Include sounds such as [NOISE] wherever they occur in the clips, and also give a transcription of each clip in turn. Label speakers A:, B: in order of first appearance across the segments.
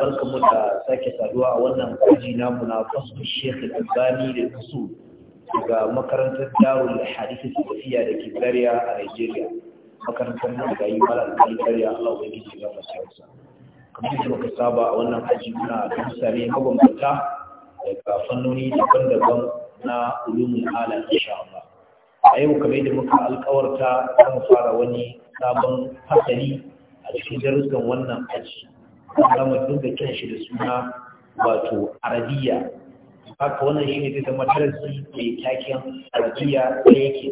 A: barkamu da sake saduwa a wannan kaji namu na fasu Sheikh Al-Albani da su daga makarantar Darul Hadith tafiya da ke a Nigeria makarantar mu daga yi mala da Zaria Allah ya yi ji ga kamar da muka saba a wannan kaji muna da misali mabambanta daga fannoni daban-daban na ulumul ala insha Allah a yau kamar da muka alkawarta zan fara wani sabon fasali a cikin darussan wannan aji alamar mu da kiran shi da suna wato arabiya haka wannan shi ne zai zama darasi mai taken arabiya da yake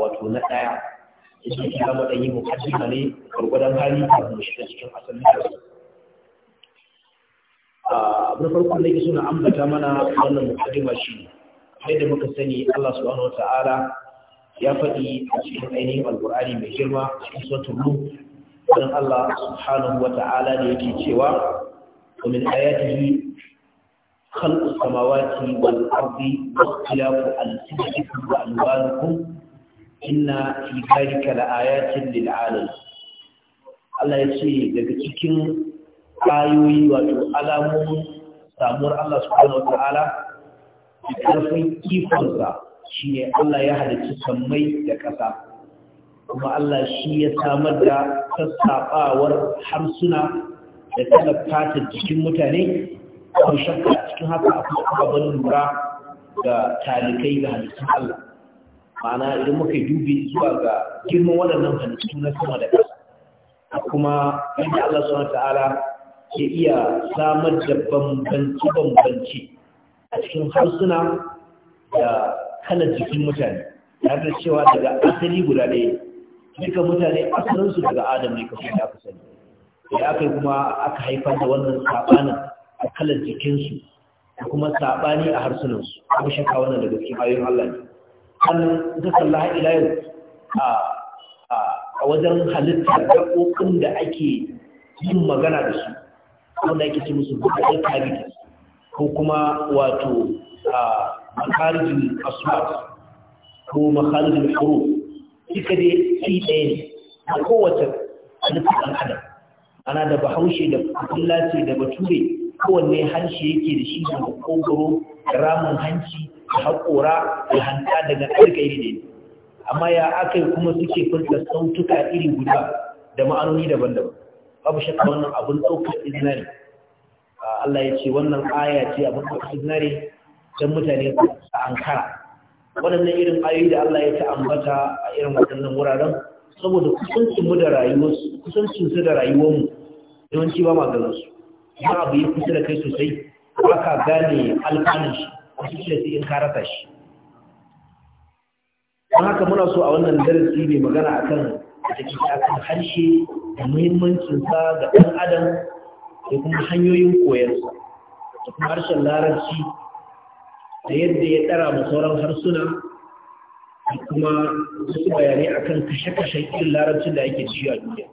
A: wato na ɗaya idan ke zama ɗanyi mukaddima ne gwargwadon hali kafin shiga cikin asalin darasi abin farko da yake suna ambata mana wannan mukaddima shi ne sai da muka sani Allah subhanahu wata'ala ya faɗi a cikin ainihin alƙur'ani mai girma cikin suratul dan Allah subhanahu wa ta'ala da yake cewa wa min ayatihi khalqu samawati wal ardi wa ikhtilafu al-sinati wa al-wanqu inna fi zalika la ayatin lil alamin Allah ya ce daga cikin ayoyi wato alamun samur Allah subhanahu wa ta'ala da kafin kifonsa shi Allah ya halicci samai da ƙasa kuma Allah shi ya samar da sassafawar harsuna da talabta fata jikin mutane a shakka cikin haka a kuma ababen lura ga talikai da halittun Allah ma'ana idan muka dubi zuwa ga girman waɗannan halittu na sama da ƙasa kuma yadda Allah subhanahu ta'ala ke iya samar da bambanci bambanci a cikin harsuna da kalar jikin mutane tare da cewa daga asali guda ɗaya duka mutane asalinsu daga adam ne kafin da aka sani da aka kuma aka haifar da wannan sabanin a kalar jikinsu da kuma saɓani a harsunansu kuma shaka wannan daga cikin ayoyin Allah ne sannan ta kalla ila yau a wajen halittar kokin da ake yin magana da su wanda ake ce musu bukatar cavities ko kuma wato a makarijin aswa ko makarijin huruf duka dai shi ɗaya ne a kowace halittar ɗan adam ana da bahaushe da kullace da bature kowanne harshe yake da shi da makogoro da ramin hanci da haƙora da hanta daga ɗarka ne amma ya aka yi kuma suke furta sautuka iri guda da ma'anoni daban-daban babu shakka wannan abun ɗaukar izina Allah ya ce wannan aya ce abin ɗaukar izina don mutane a ankara waɗannan irin ayoyi da Allah ya ta ambata a irin waɗannan wuraren saboda kusancin mu da rayuwarsu kusancin da rayuwarmu yawanci ba ma ganin su ba abu ya kusa da kai sosai aka gane alƙalin shi wasu shi sai in ka rasa shi don haka muna so a wannan darasi mai magana akan da ke kan harshe da muhimmancinsa ga ɗan adam da kuma hanyoyin koyarsa da kuma harshen larabci da yadda ya tsara ma sauran harsuna da kuma wasu bayanai akan kashe-kashen irin larabcin da yake ciyo a duniya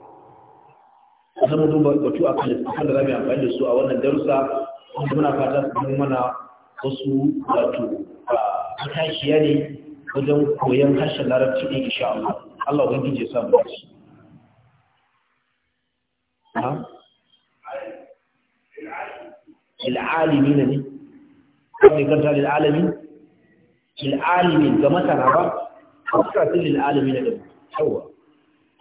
A: a sama duba batu a kan da yi amfani da su a wannan darussa wanda muna fata su kuma mana wasu wato a ya ne wajen koyon harshen larabci ɗin insha Allah Allah ubangiji ya samu dace na ne wanda kanta da alamin lil ga masara ba fuska til lil alamin da yawa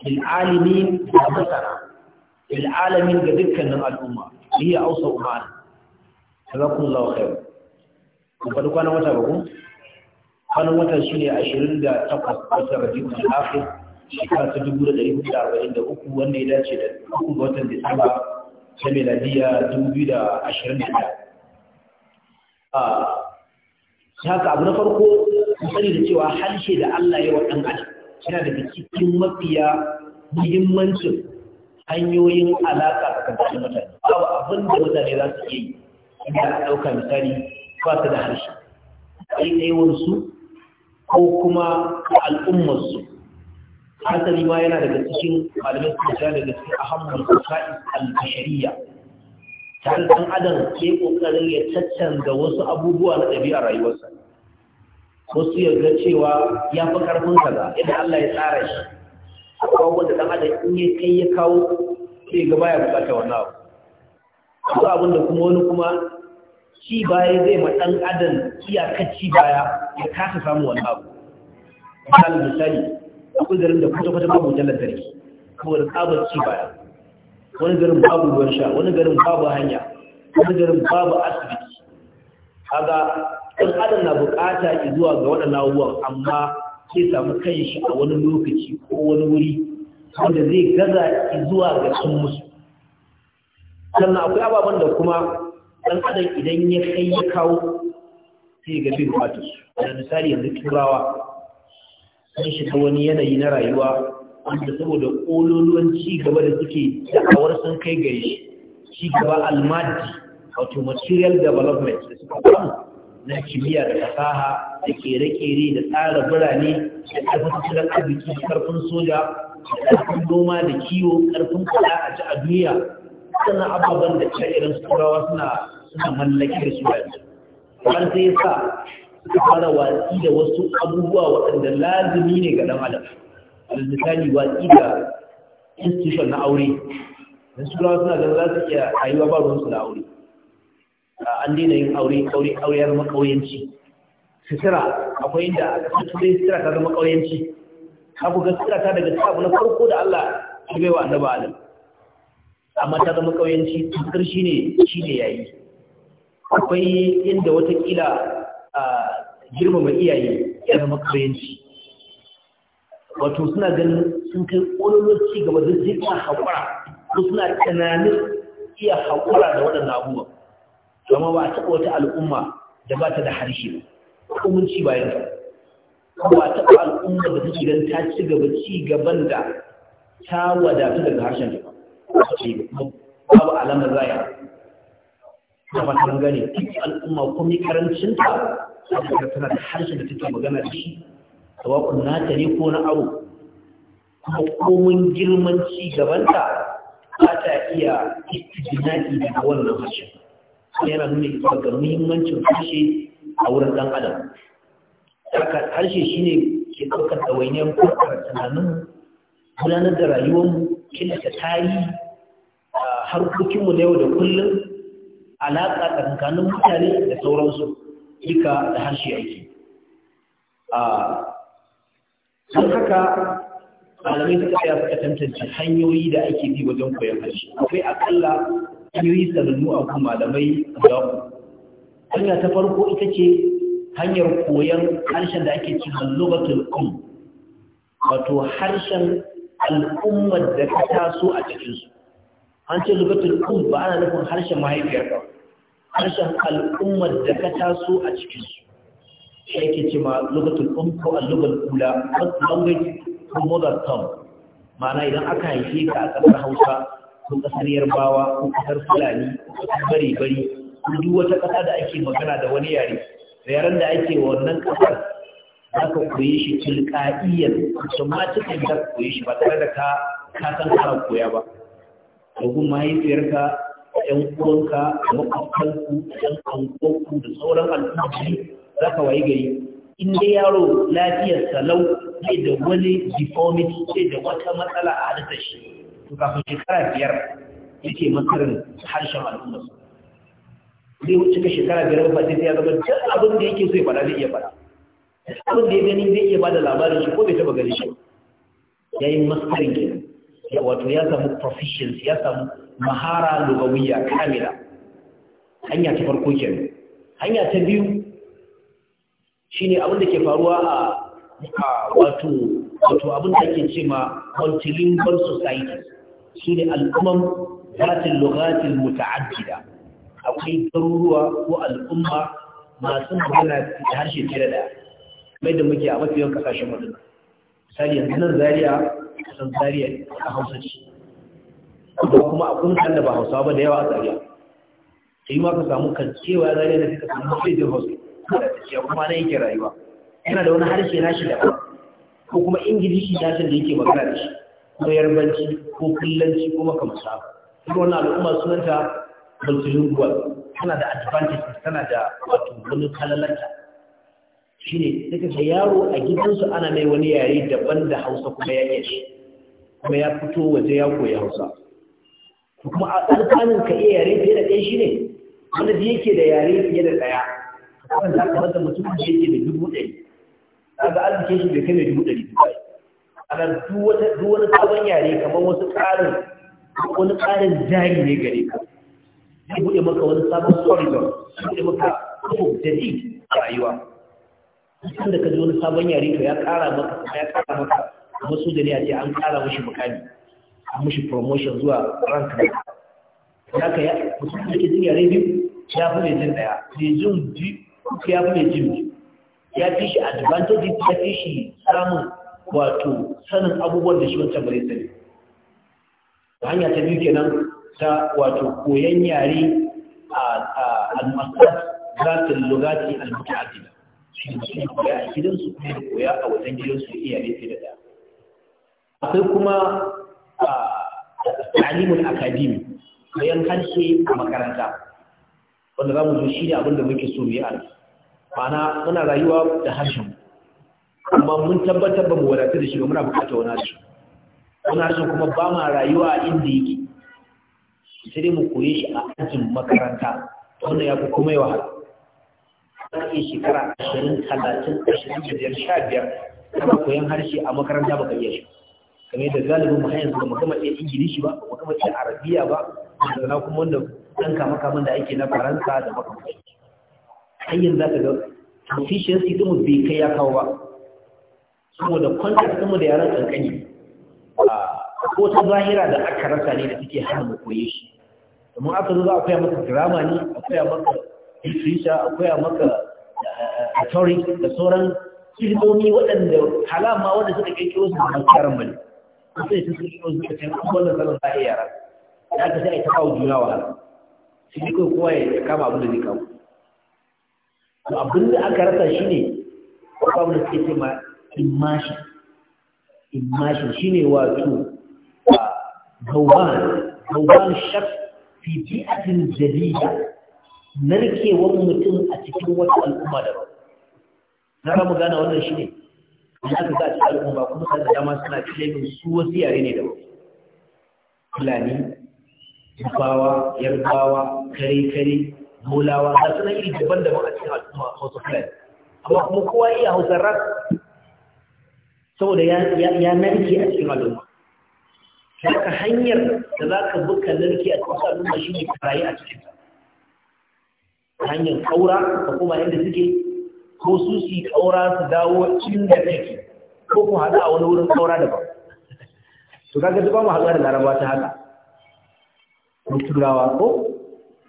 A: lil ga masara, lil ga dukkanin al'umma hiya ausa umman jazakumullahu khair ku fadi kwanan wata ba ku kwanan wata shine 28 wata rabiul akhir shekara ta 1443 wanda ya dace da 3 watan Disamba ta miladiya 2021 Ah, haka abu na farko sani da cewa harshe da Allah ya wa ɗan adam yana daga cikin mafiya muhimmancin hanyoyin alaƙa tsakanin mutane babu abin da mutane za su yi inda aka ɗauka misali ba su da harshe ɗaiɗaiwarsu ko kuma al'ummarsu hasali ma yana daga cikin malamin kusa daga cikin ahammar kusa al-bashariya ta ɗan adam ke ƙoƙarin ya caccanga wasu abubuwa na ɗabi'a rayuwarsa wasu ya ga cewa ya fi ƙarfin kaza idan Allah ya tsara shi akwai wanda ɗan adam in ya kai ya kawo sai ga baya bukata wannan abu akwai abin da kuma wani kuma ci baya zai ma ɗan adam iyakar ci baya ya kasa samun wannan abu misali misali akwai garin da kwata-kwata babu lantarki kawai da tsabar ci baya wani garin babu ruwan sha wani garin babu hanya wani garin babu asibiti kaga ɗan adam na bukata zuwa ga waɗannan abubuwan amma zai samu kanshi a wani lokaci ko wani wuri wanda zai gaza zuwa ga sun musu sannan akwai ababen da kuma ɗan adam idan ya kai ya kawo sai ga bin fata misali yanzu turawa sun shiga wani yanayi na rayuwa wanda saboda ƙololuwan ci gaba da suke da'awar sun kai gare shi ci gaba almadi wato material development da suka samu na kimiyya da fasaha da kere-kere da tsara birane da ƙarfin arziki da ƙarfin soja da ƙarfin noma da kiwo ƙarfin kuɗa a ci a duniya suna ababen da ta irin turawa suna suna da su yanzu har sai sa suka fara watsi da wasu abubuwa waɗanda lazumi ne ga ɗan adam misali wa ida institution na aure don su rawa suna ganin za su iya rayuwa ba ruwansu da aure ah, an daina yin aure aure aure ya zama ƙauyenci Sitira, akwai inda aka san turai sutura ta zama ƙauyenci ka ku ga sutura ta daga abu na farko da Allah ya bai wa annaba alim amma ta zama ƙauyenci shi ne ya yayi akwai inda watakila ah, girmama iyaye ya zama ƙauyenci wato suna ganin sun kai ƙololon ci gaba da zai iya haƙura ko suna tunanin iya haƙura da waɗannan abubuwan zama ba a taɓa wata al'umma da ba ta da harshe ba ci bayan ba ba a taɓa al'umma da ta don ta ci gaba ci gaban da ta wadatu daga harshen ta ba babu alamar zaya da ba ta gane duk al'umma kuma karancinta ta tana da harshen da take magana da shi sawa'un nata ne ko na aro kuma komin girman ci gabanta ba ta iya istijinaɗi daga wannan harshen yana nuna ita ga muhimmancin harshe a wurin ɗan adam harshe shine ke ɗaukar ɗawainiyar kwarkar tunanin gudanar da rayuwarmu killace tarihi harkokinmu da yau da kullum alaƙa tsakanin mutane da sauransu duka da harshe a
B: don haka
A: malamai suka ya suka tantance hanyoyi da ake bi wajen koyon harshe akwai akalla hanyoyi sanannu a kan malamai guda ku hanya ta farko ita ce hanyar koyon harshen da ake cin lobatul um wato harshen al'ummar da ka taso a cikinsu an ce lobatul um ba ana nufin harshen mahaifiyar ba harshen al'ummar da ka taso a cikinsu shi yake ce ma lokacin umko a lokacin kula first language ko mother tongue ma'ana idan aka haife ka a ƙasar Hausa ko ƙasar Yarbawa ko ƙasar Fulani ko ƙasar bare bari ko duk wata ƙasa da ake magana da wani yare da yaren da ake wannan ƙasar za ka koye shi ma cikin za ka koyi shi ba tare da ka ka san kana koya ba domin mahaifiyarka ‘yan uwanka da makwabtanku ‘yan kankonku da sauran al'ummi za ka gari in dai yaro lafiyar salau sai da wani deformity sai da wata matsala a da shi to kafin shekara biyar yake matsarin harshen al'umma zai cika shekara biyar ba sai ya zama duk abin da yake so ya faɗa zai iya faɗa abin da ya gani zai iya bada labarin shi ko bai taɓa gani shi ya yi matsarin ya wato ya samu proficiency ya samu mahara lugawiyya kamila hanya ta farko kenan hanya ta biyu shine abin da ke faruwa a wato wato abin da ke ce ma multilingual society ne al'umman zatin lugatin muta'addida akwai garuruwa ko al'umma masu magana da harshe tare da mai da muke a mafiyan kasashen mutum misali yanzu nan Zariya kusan Zariya a hausa ce kuma kuma a kun da ba hausa ba da yawa a Zariya. sai ma ka samu kan cewa Zariya da suka samu sai da hausa wadatacciya kuma na yake rayuwa yana da wani harshe nashi da ko kuma ingilishi nashin da yake magana da shi ko yarbanci ko kullanci ko makamasa duk wannan al'umma sunanta multilingual tana da advantages tana da wato wani kalalanta shine sai ka yaro a gidansu ana mai wani yare daban da Hausa kuma ya yake kuma ya fito waje ya koyi Hausa kuma a tsakanin ka iya yare fiye da ɗaya shine wanda yake da yare fiye da ɗaya wannan aka kamar mutum da yake da dubu ɗari kaga arzikin shi bai kai mai dubu ɗari ba ana duk wani sabon yare kamar wasu ƙarin wani ƙarin jari ne gare ka zai buɗe maka wani sabon corridor zai buɗe maka ko da ji rayuwa tun da ka ji wani sabon yare to ya ƙara maka kuma ya ƙara maka kuma su da ne a ce an ƙara mashi mukami an mashi promotion zuwa rank da ya ka ya mutum da ke jin yare biyu ya fi mai jin ɗaya mai jin biyu ya fi mai jin ya fi shi advantage ya fi shi samun wato sanin abubuwan da shi wata bare sani hanya ta biyu kenan ta wato koyan yare a al-masad zatul lugati al-mutaaddida shi koya a gidansu kuma da koya a wajen gidansu iya fi da daya akwai kuma ta'limul akademi koyan harshe a makaranta wanda za mu zo shi ne abin da muke so mu yi a ma'ana muna rayuwa da harshen amma mun tabbatar ba mu wadatu da shi ba muna bukata wani harshen wani harshen kuma ba ma rayuwa a inda yake sai dai mu koye shi a ajin makaranta wanda ya fi kuma yawa a za shekara ashirin talatin ashirin da biyar sha biyar kana koyan harshe a makaranta ba ka iya shi kamar yadda galibin mu hanyar ba mu gama iya ingilishi ba mu gama iya arabiya ba da kuma wanda ɗan kama kaman da ake na faransa da makamanci hanyar za ka ga efficiency ɗinmu bai kai ya kawo ba saboda contact ɗinmu da yaran kankani ko ta zahira da aka rasa ne da suke hana mu koye shi domin aka zo za a koya maka drama ne a koya maka literature a koya maka rhetoric da sauran ilimomi waɗanda halama wanda suka kai kiwo su da masu yaran bane ko sai sun kiwo su da can wannan salon za a yi yara da aka sai a yi ta kawo juna wahala sai dai kawai kowa ya kama abin da zai kawo to abin da aka rasa shi ne babu da suke ce ma imashi imashi shi ne wato gauban gauban shaf fi cikin jadida narkewar mutum a cikin wata al'umma da ba. na ramu gana wannan shi ne in aka za a cikin al'umma kuma sai da dama suna claiming su wasu yare ne ba. fulani Zubawa, Yarbawa, Kare-kare, mulawa ga suna iri daban-daban a cikin al'umma hausa fulani amma kuma kowa iya hausa ras saboda ya narke a cikin al'umma haka hanyar da za ka buka narke a cikin al'umma shi ne karaye a cikin hanyar kaura da kuma inda suke ko su su kaura su dawo da kake ko kuma haɗu a wani wurin kaura daban to kaga duk ba mu haɗu da laraba ta haka turawa ko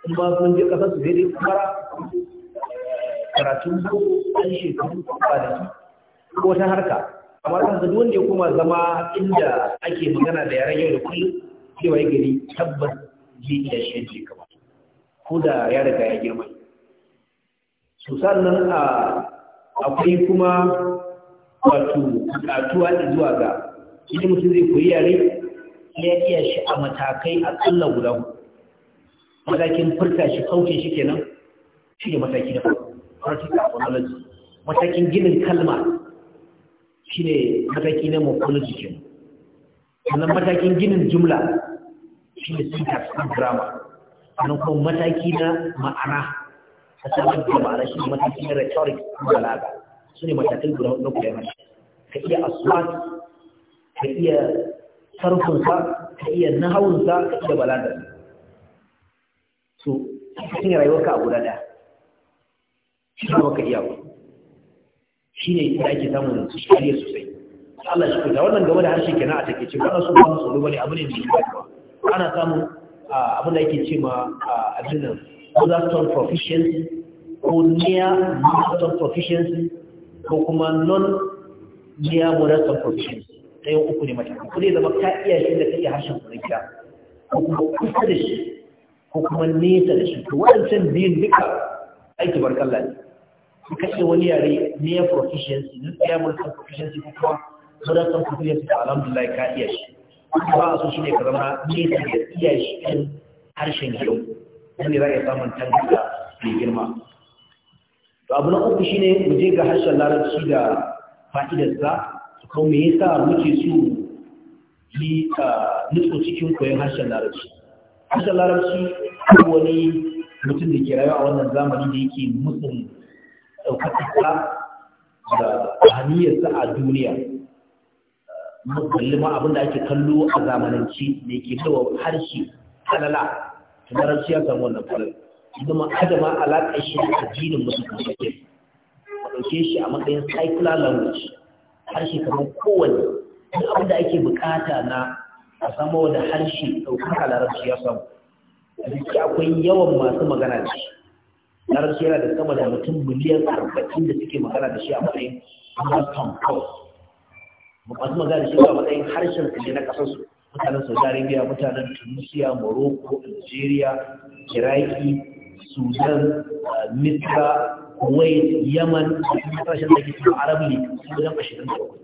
A: kuma sun je kasar su daidai fara karatun boko an shekaru ba da su ko ta harka amma kan ga wanda ya kuma zama inda ake magana da yaran yau da kullum cewa ya gari tabbas zai iya shege kama ko da ya riga ya girma su sannan a akwai kuma wato da zuwa ga idan mutum zai koyi yare ya iya shi a matakai akalla guda hudu matakin furta shi kauce shi kenan shi ne mataki na farko practical matakin ginin kalma shi ne mataki na morphology kenan sannan matakin ginin jumla shi ne syntax and grammar sannan kuma mataki na ma'ana a samar da ma'ana shi ne mataki na rhetoric and balaga su ne matakin guda na kuɗe mashi ka iya aswat ka iya sarfinsa ka iya nahawunsa ka iya balagarsa cikin rayuwar rayuwarka a guda ɗaya shi ba ka iya ba shi ne da ake samun shari'a sosai Allah shi kuta wannan game da harshe kenan a take ce ba su ba su bane abu ne da shi ba ana samun abin da yake ce ma abin nan Motherton proficiency ko near Motherton proficiency ko kuma non near Motherton proficiency ɗayan uku ne mata ku ne zama ta iya shi da ta iya harshen kuma ko kuma kusa da shi ko kuma nesa da shi to waɗancan biyun duka aiki barkalla ne in ka wani yare near proficiency na tsaya mulkan proficiency ko kuma sauran san proficiency ta alhamdulillah ka iya shi kuma ba a so ka zama nesa da iya shi harshen kyau. wanda za a iya samun tangarda mai girma to abu na uku shine mu je ga harshen larabci da fa'idarsa ko me yasa muke so a ah, nutso cikin koyon harshen larabci harshen larabci wani mutum da ke rayuwa a wannan zamani da yake mutum ɗaukakata da haniyarsa a duniya mallima abinda ake kallo a zamananci da yake dawa harshe kalala ta larabci ya samu wannan falal idan ma adama alaƙa shi da addinin musulunci yake ɗauke shi a matsayin secular language harshe kamar kowane abinda ake bukata na a samo da harshe a larabci ya samu jiki akwai yawan masu magana da shi larabci yana da sama da mutum miliyan arba'in da suke magana da shi a matsayin hamilton kawai masu magana da shi a matsayin harshen su ne na su mutanen saudi arabia mutanen tunisia morocco algeria iraki sudan misra kuwait yaman da kuma ƙasashen da ke cikin arab league su gudan ashirin da bakwai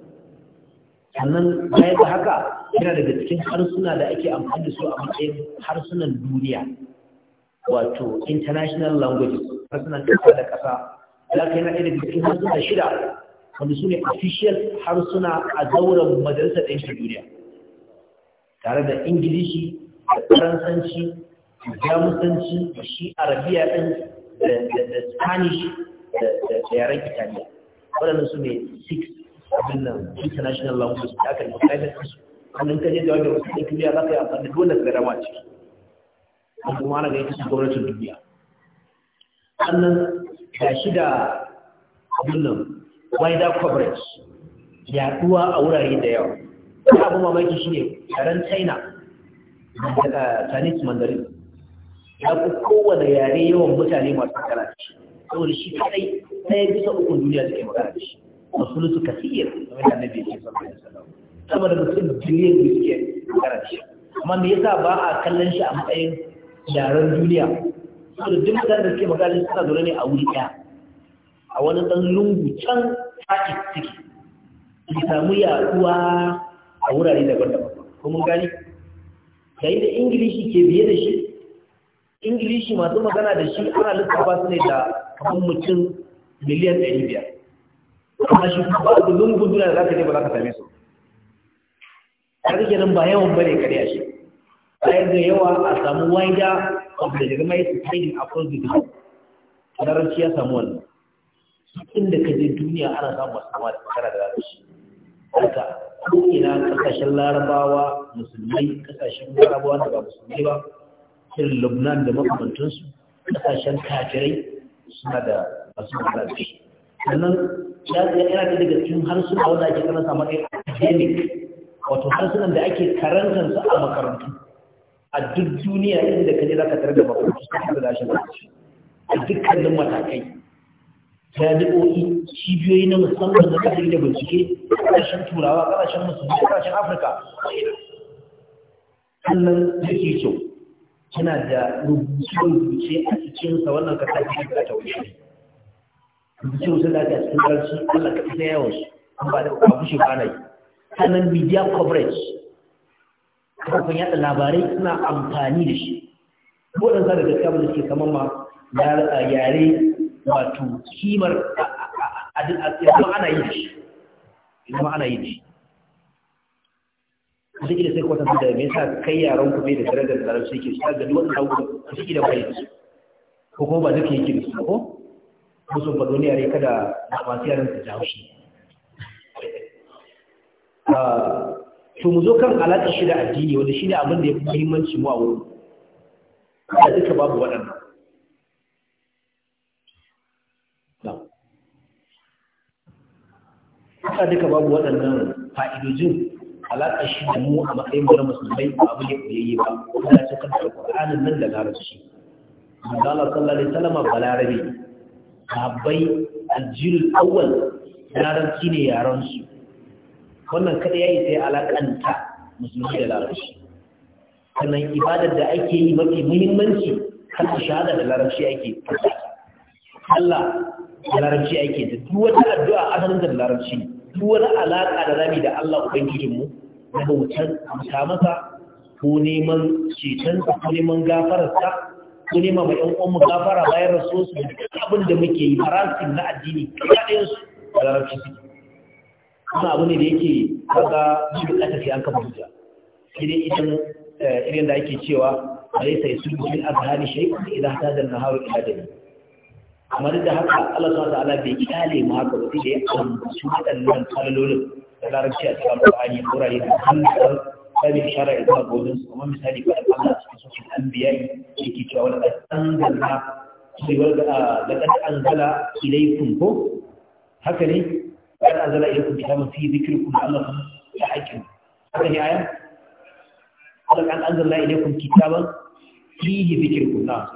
A: sannan bayan da haka yana daga cikin harsuna da ake amfani da su a matsayin harsunan duniya wato international languages harsunan kasa da kasa za ka na daga cikin harsuna shida wanda sune ne official harsuna a zauren majalisar ɗinkin duniya tare da ingilishi da faransanci da jamusanci da shi arabiya ɗin da spanish da yaren italiya waɗannan su ne six abin nan international language da aka yi private su wannan kaje da wanda wasu kimiyya za ka yi amfani dole ka rama ciki an kuma ana ga yankin gwamnatin duniya sannan ga shi da abin nan wider coverage yaduwa a wurare da yawa wani abu mamaki shi ne yaren china daga chinese mandarin ya fi kowane yare yawan mutane masu magana da shi saboda shi kadai ɗaya bisa ukun duniya suke magana da shi wasu su kasiyar kamar da annabi ya sallallahu alaihi wasallam saboda mutum biliyan biliyan magana shi amma me yasa ba a kallon shi a matsayin yaren duniya saboda duk mutanen da suke magana suna zaune ne a wuri ɗaya a wani ɗan lungu can faɗi ciki su samu yaɗuwa a wurare daban-daban ko mun gani yayin da ingilishi ke biye da shi ingilishi masu magana da shi ana lissafa su ne da kamar mutum miliyan ɗari biyar amma shi ba a gudun gudun da za ka je ba za ka same su har nan ba yawan bane kare a shi bayan da yawa a samu wanda of the jirmai su trading across the globe larabci ya samu wannan inda ka je duniya ana samun masu kama da kakara da larabci haka ko ina kasashen larabawa musulmai kasashen larabawa da ba musulmai ba irin lubnan da makamantansu kasashen kafirai suna da masu magana da shi sannan ya yana da daga cikin harsuna wanda ake karanta maka academic wato harsunan da ake karantar su a makarantu a duk duniya inda kaje zaka tare da makarantu sai ka da shi a dukkanin matakai jami'o'i cibiyoyi na musamman da kasar da bincike kasashen turawa kasashen musulmi kasashen afirka sannan da ke kyau yana da rubuce-rubuce a cikinsa wannan kasashe da ta wuce rubuce sun da ake a cikin ƙarshi Allah ka isa yawan su an ba da abu shi ba na sannan media coverage kafin yaɗa labarai suna amfani da shi waɗanda da gaskiya da ke kamar ma yare wato kimar a yamma ana yi da shi yamma ana yi da shi wasu ƙila sai su da mai sa kai yaron kuma da darajar da larabci ke shi ta gani waɗanda abubuwa da ƙila bai da su ko kuma ba duka yake da su ko musu ba duniya ne kada masu yaran su jawo shi [LAUGHS] ah, to mu zo kan alaƙa shi da addini wanda shi ne abin da ya fi muhimmanci mu a wurin kada duka babu waɗannan kada duka babu waɗannan fa'idojin alaƙa shi da mu a matsayin wani musulmai ba abu ne yayi ba kuma ya kanta alƙur'anin nan da larabci manzala sallallahu alaihi wasallam balarabe sahabbai aljihu awwal larabci ne yaransu wannan kada yayi sai alakanta musulmi da larabci sannan ibadar da ake yi mafi muhimmanci kalmar shahada da larabci ake Allah da larabci ake da duk wata addu'a asalin da larabci duk wani alaka da zamu da Allah ubangijinmu na bautar amsa masa ko neman cetonsa ko neman gafararsa ko nema ma ƴan uwan mu gafara bayan rasu su abin da muke yi marasin na addini ya ɗaya su da larabci suke kuma abu ne da yake kaga da ƙasa sai an kama duka sai idan eh, irin da ake cewa alaysa a zahari azhari shay'un idan hada na nahar ila dami amma duk da haka Allah sa ta'ala bai kyale ma haka ba da ya su waɗannan kalolin da larabci a cikin Qur'ani wurare da hannun هذه الشرع الضرب والنص ومن هذه فأقلنا أسفل الأنبياء في كتاب ولقد أنزلنا لقد أنزل إليكم هو هكذا قد أنزل إليكم كتابا في ذكركم لأنكم تحكم هكذا آية قد أنزلنا إليكم كتابا فيه ذكركم نعم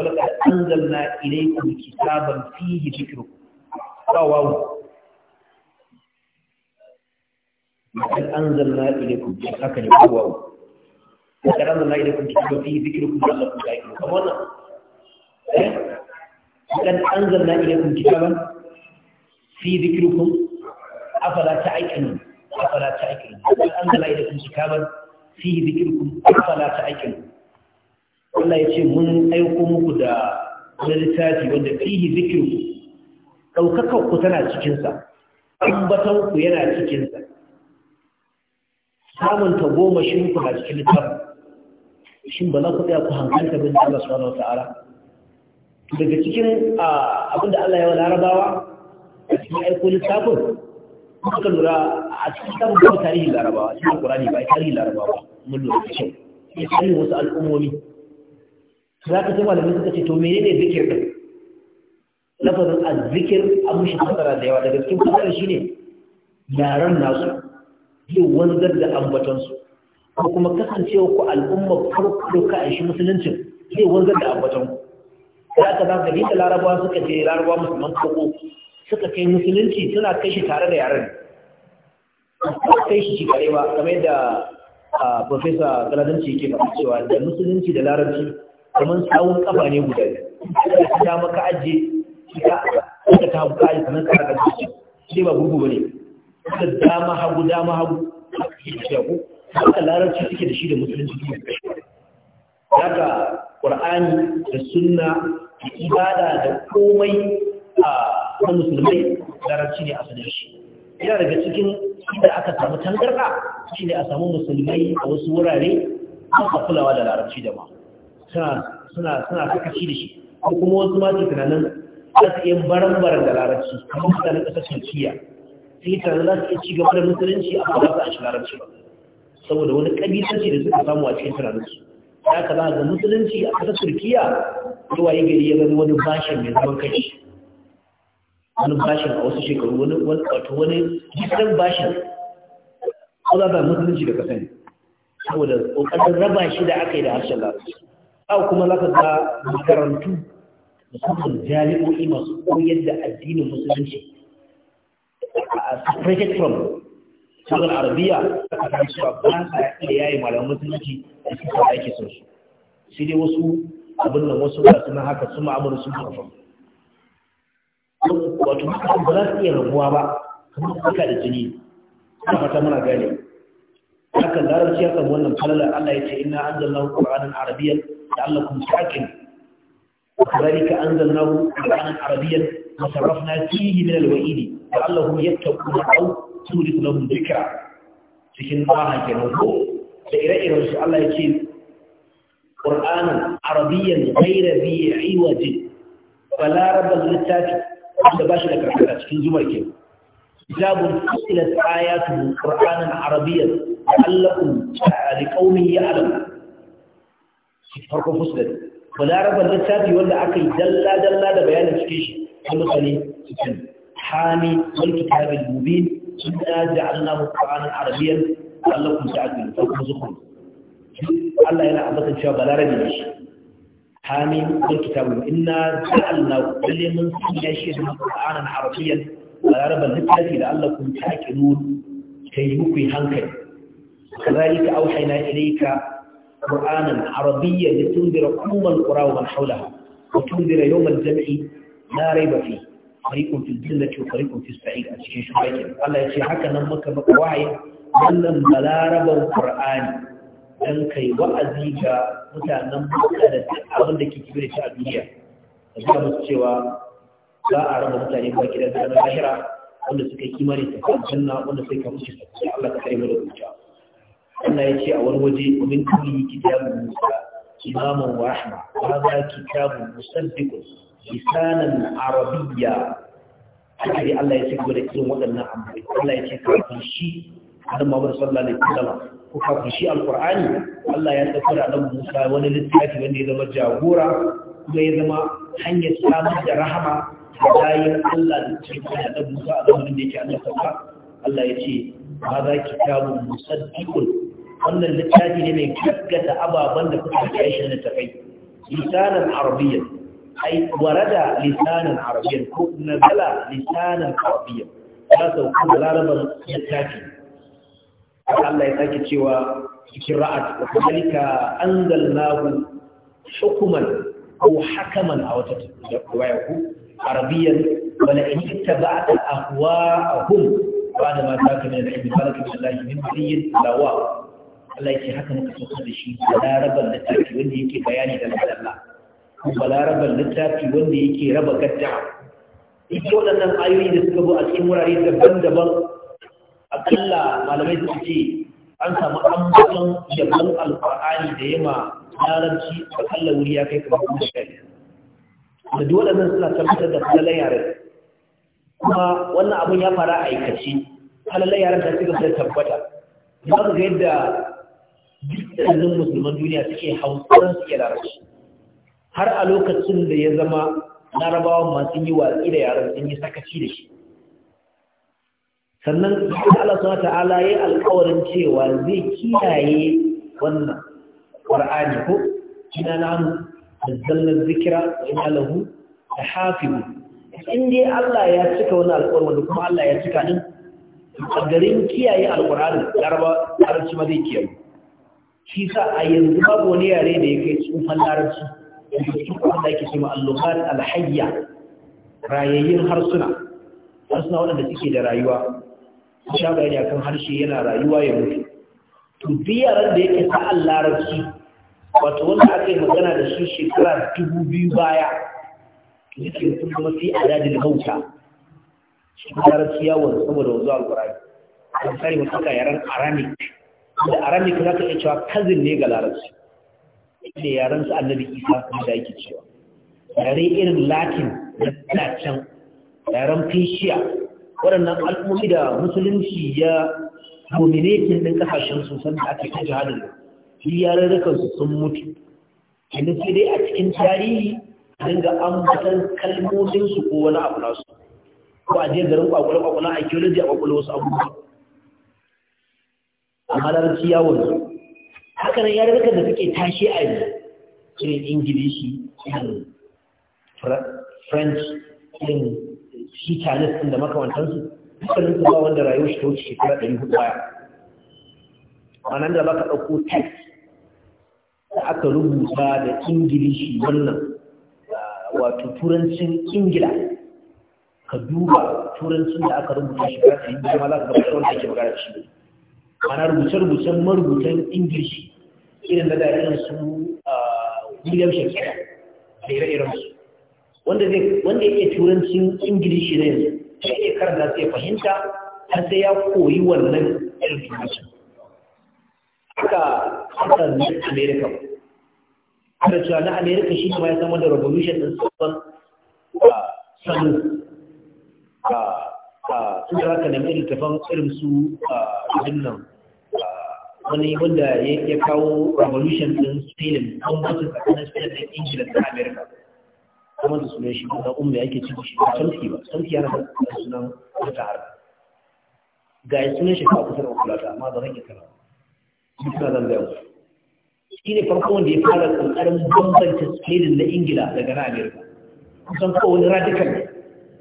A: ولقد أنزلنا إليكم كتابا فيه ذكركم رواه ma'an anzan na'ile ku ce haka ne kowa wa ta ranar na'ile ku ce ba fi yi zikiru ku ba'ala ku ka'ikin kama wannan eh ma'an anzan na'ile fi yi zikiru ku afala ta aikin afala ta aikin ma'an anzan na'ile fi yi zikiru ku afala ta aikin Allah ya ce mun aiko muku da wani littafi wanda fihi zikiru ɗaukakar ku tana cikinsa ambatan batanku yana cikinsa samun ta goma shi ku a cikin littafin shin ba za ku tsaya ku hankalta bin Allah subhanahu ta'ala daga cikin abin da Allah ya wa larabawa a cikin aiko littafin kuka lura a cikin littafin ba tarihin larabawa cikin kurani ba tarihin larabawa mun lura da shi ne tarihin wasu al'ummomi za ka ji malamai suka ce to menene zikir din lafazin azzikir an mushi fasara da yawa daga cikin fasara shine yaran nasu zai wanzar da ambatansu ko kuma kasancewa ku al'umma farko ka aishi musuluncin zai wanzar da ambatanku da aka za ka larabawa suka je larabawa musulman koko suka kai musulunci suna kai shi tare da yaren ba kai shi kare ba kamar da profesa galadanci ke faɗi cewa da musulunci da larabci kamar tsawon kafa ne guda da ta maka ajiye ka ta hagu kaji sannan ka raka shi ba gurgu ba ne da dama hagu dama hagu haka haka larabci suke da shi da musulunci ne daga qur'ani da sunna da ibada da komai a kan musulmai larabci ne a sanin shi yana daga cikin inda aka samu tangarda shine a samu musulmai a wasu wurare a kulawa da larabci da ma suna suna da shi ko kuma wasu ma tunanin za yin barambaran da larabci kamar mutanen ƙasashen ciya sai da za su ci gaba da musulunci a ba za su shi larabci ba saboda wani kabilanci da suka samu a cikin tunaninsu ya ka za ga musulunci a ƙasar turkiya zuwa ya gari ya zama wani bashin mai zaman kai wani bashin a wasu shekaru wani wato wani gidan bashin ko za ka musulunci da kasan. saboda ƙoƙarin raba shi da aka yi da harshen larabci haka kuma za ka ga makarantu musamman jami'o'i masu koyar da addinin musulunci separated from sauran arabiya a kan cewa ba sa iya yayi malamin musulunci da suka aiki sun su sai dai wasu abin da wasu ba suna haka su ma'amuru sun kafa wato to ba za su iya rabuwa ba kamar suka da jini suna fata muna gane hakan larabci ya samu wannan falala Allah ya ce inna anzalnahu qur'anan arabiyyan la'allakum ta'qilun wa kadhalika anzalnahu qur'anan arabiyyan وصرفنا فيه من الوئيد لعلهم يتقون أو تورث لهم ذكرى cikin baha kenan ko da ire-iren su Allah ya ce Qur'anin Arabiyyan ghayra bi iwajin balaraban littafi wanda ba shi da karkata cikin zumar ke kitabun fasilat ayatu Qur'anin Arabiyyan allakum ta'aliqawmin ya'lam farko fasilat balaraban littafi wanda aka yi dalla dalla da bayanin cikin shi كتاب حامي والكتاب المبين إنا جعلناه قرآنا عربيا لعلكم تعقلون فكم زخرف الله يلا أبدا شاء لا ربي حامي والكتاب إنا جعلناه كل من سنشير قرآنا عربيا بلا رب نتلتي لعلكم تعقلون يبقي هنكر كذلك أوحينا إليك قرآنا عربيا لتنذر أم القرى ومن حولها وتنذر يوم الجمع Na raiba fi fariqun fil da wa fariqun fis a cikin shugaban Allah ya ce haka nan muka maka wahayi wannan balarabau qur'ani dan kai wa'azi ga mutanen Makka da abin da ke kibir shi a duniya da ga musu cewa za a raba mutane ba gidan da lahira wanda suka yi kimanin ta kan janna wanda sai ka mushi sai Allah ka kare mu da zuciya Allah ya ce a wani waje min kulli kitabun Musa imaman wa rahma hadha kitabun musaddiqun lisanan arabiyya haka dai Allah ya ce gaba da irin waɗannan amfani Allah ya ce kafin shi har mabar sallah ne kuma ko kafin shi alkur'ani Allah ya tafi da nan Musa wani littafi wanda ya zama jagora kuma ya zama hanyar samar da rahama da bayan Allah da cikin da dan Musa a zamanin da yake Allah saka Allah ya ce ma za ki kawo musaddiqun wannan littafi ne mai gaggata ababen da kuka yi shi na tafai lisanan arabiyya ai warada lisanin arabiyyan ko nazala lisanin arabiyyan ya sauka da larabar littafi Allah ya sake cewa ra'ad, kira'at wa kadalika anzalnahu hukuman ko hakaman a wata riwaya ku arabiyyan wani in ittaba'ta ahwa'ahum ba'da ma taka min al-ilmi baraka billahi min nabiyyin lawa Allah ya ce haka muka sauka da shi da larabar littafi wanda yake bayani da Allah ko littafi wanda yake raba gadda ita waɗannan ayoyi da suka zo a cikin wurare daban-daban a kalla malamai su ce an samu ambaton yabon alfa'ani da yama larabci kalla wuri ya kai kamar kuma shari da duk waɗannan suna tabbatar da halalai yaren kuma wannan abin ya fara aikace halalai yaren ta cigaba da tabbata za mu ga yadda dukkanin musulman duniya suke hausaran suke larabci har a lokacin da ya zama larabawa masu yi watsi da yaran sun yi sakaci da shi sannan Allah subhanahu ta'ala ya alƙawarin cewa zai kiyaye wannan ƙwar'ani ko ina da zallar zikira ina lahu hafi in inda Allah ya cika wani alƙawarin wanda kuma Allah ya cika din garin kiyaye alkawarin laraba larabci ma zai kiyaye shi sa a yanzu babu wani yare da ya kai cikin larabci da su wanda ake cewa al-lughat al-hayya rayayyin harsuna harsuna waɗanda suke da rayuwa sha bayani akan harshe yana rayuwa ya mutu to biyaran da yake ta larabci wato wanda aka yi magana da shi shekara dubu biyu baya to yake sun kuma fi adadin hauta shi larabci ya saboda wanzu al-qur'ani misali mutum ka yaran Aramik. da Aramik za ka iya cewa kazin ne ga larabci ne yaren su annabi isa kuma da yake cewa yare irin latin na latin yaren fishiya waɗannan al'ummi da musulunci ya dominatin ɗin ƙasashen su da aka ta jihadin shi yarurrukan su sun mutu inda sai dai a cikin tarihi dinga ambatan kalmomin su ko wani abu nasu ko a je garin kwakwale kwakwale a kyoloji a kwakwale wasu abubuwa amma larabci ya wanzu haka nan yarurrukan da suke tashi a yi irin ingilishi irin french shi canis ɗin da makamantansu dukkanin su ba wanda rayuwar shi ta wuce shekara ɗari hudu baya ma'anar da baka ɗauko text da aka rubuta da ingilishi wannan ah, wato turancin ingila ka duba turancin da aka rubuta shekara ɗari hudu ma za ka gaba ta wanda ake magana shi mana rubuce-rubucen marubucen ingilishi irin na da irin su william shakespeare a ire-iren su wanda ya turancin ingilishi ne ta ya iya karanta sai fahimta har sai ya koyi wannan irin turancin haka haka na america ba da cewa na america shi kuma ya samar da revolution din sabon sanu sun da haka nemi littafan irin su abin nan wani wanda ya kawo revolution din spain gwamnati tsakanin spain da ingila da america kuma da sunan shi umu da yake cikin shi ba samsi ba samsi yana da sunan wata har ga yi sunan shi kawo kusa da wakulata amma ba zan yi kara su na zan zai wasu shi ne farko wanda ya fara kokarin bambanta spain da ingila daga na america kusan kowane radical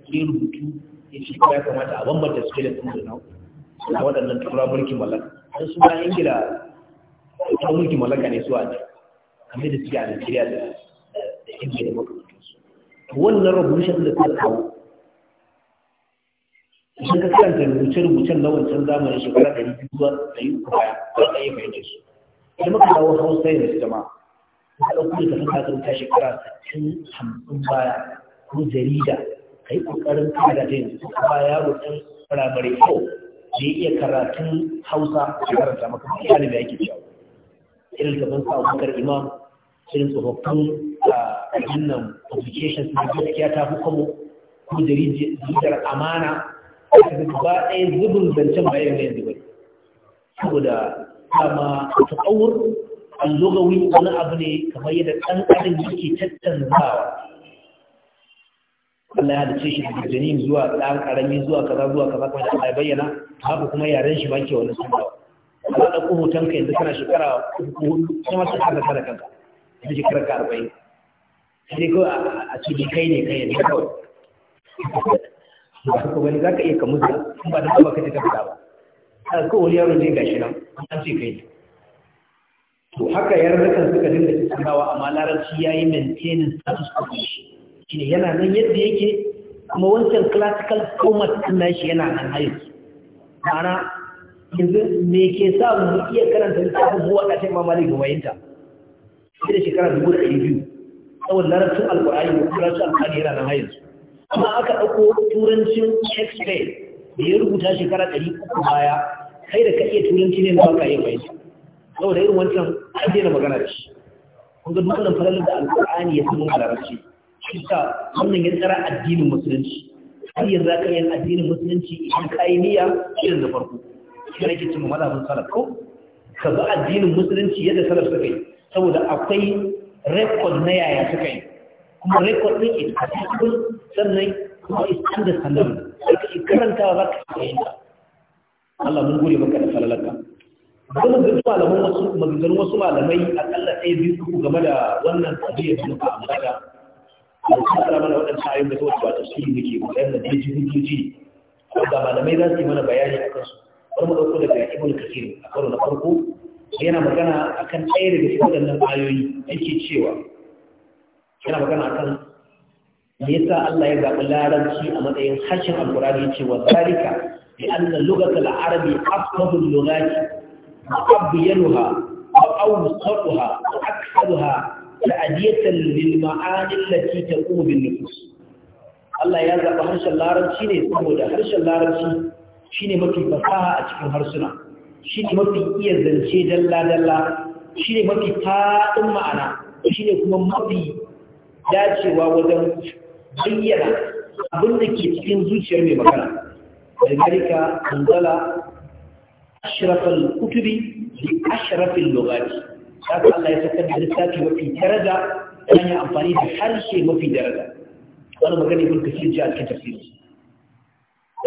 A: ne rubutu shi ya kamata a bambanta su da sun zuna na waɗannan tura mulkin mallaka an su ba ingila tura mulkin mallaka ne su a ne kamar da suke a nigeria da ingila da makamantansu wannan revolution da suka kawo sun ka karanta rubuce-rubucen na wancan zamanin shekara ɗari biyu zuwa ɗari uku baya don ɗaya fahimtar su idan muka kawo hausa yanzu jama'a ka ɗauko da tafi kasar ta shekara sittin hamsin baya ko jarida ka yi ƙoƙarin kada ta yanzu ba ya firamare ko da iya karatun hausa a karanta maka iyalin da yake cewa irin ban sa abubakar imam irin tsofaffin a wannan publications na gaskiya ta fi komo, ko jaridar amana ba ɗaya zubin zancen bayan da yanzu bai saboda kama tsawur allogawi wani abu ne kamar yadda ɗan adam yake tattanzawa Allah ya dace shi daga janin zuwa ɗan ƙarami zuwa kaza zuwa kaza kuma da Allah ya bayyana haka kuma yaren shi ba ke wani sanarwa Allah kuma hoton ka yanzu kana shekara hudu kuma sun haɗa ka da kanka yanzu shekara ka arba'in sai kawai a cibi kai ne kai yanzu kawai ba ka wani za ka iya ka musu in ba da ba ka ta fita ba a wani yaro ne gashi nan an ce kai to haka yarurrukan suka dinga tattaunawa amma larabci ya yi maintaining status quo shi shine yana nan yadda yake kuma wancan classical format na shi yana nan hayo ma'ana yanzu me ke sa mu iya karanta littafin huwa da ta mamali ga wayinta sai da shekara dubu da ɗari biyu saboda larabcin alƙur'ani ko larabcin alƙur'ani yana nan hayo Kuma aka ɗauko turancin shakespeare da ya rubuta shekara ɗari uku baya kai da ka iya turanci ne na baka yin fahimta saboda irin wancan an daina magana da shi kun ga dukkanin falalar da alƙur'ani ya fi mun a larabci shi wannan ya tsara addinin musulunci har yanzu ka yin addinin musulunci idan ka yi niyya irin da farko shi ne ke cin mazhabin salaf ko ka bi addinin musulunci yadda salaf suka yi saboda akwai rekod na yaya suka yi kuma rekod ɗin is accessible sannan kuma da understandable aka yi karanta za ka fahimta Allah mun gode maka da falalarka kuma ga malaman wasu maganganun wasu malamai akalla ɗaya biyu uku game da wannan tabiyyar da muka ambata kuma kasara mana waɗancan ayyuka ta wata ba tafsiri muke ba da jeji hujjoji wanda malamai za su yi mana bayani a kansu wani maɗauko daga ibn kasir a karo na farko yana magana akan ɗaya daga cikin waɗannan ayoyi yake cewa yana magana akan me yasa Allah ya zaɓi larabci a matsayin harshen alkurani ce wa zalika bi anna lugatal arabi afdalul lugati wa abyanuha wa awsatuha wa aktharuha ta'adiyatan lil ma'ani allati taqumu bin nufus Allah ya zaba harshen larabci ne saboda harshen larabci shine mafi fasaha a cikin harsuna shine mafi iya zance dalla dalla shine mafi fadin ma'ana shine kuma mafi dacewa wajen bayyana abin da ke cikin zuciyar mai magana dalilika anzala ashrafal kutubi li ashrafil lughati haka Allah ya sakar da littafi mafi daraja ta hanyar amfani da harshe mafi daraja wani magana ibn kasir ji a cikin tafsiri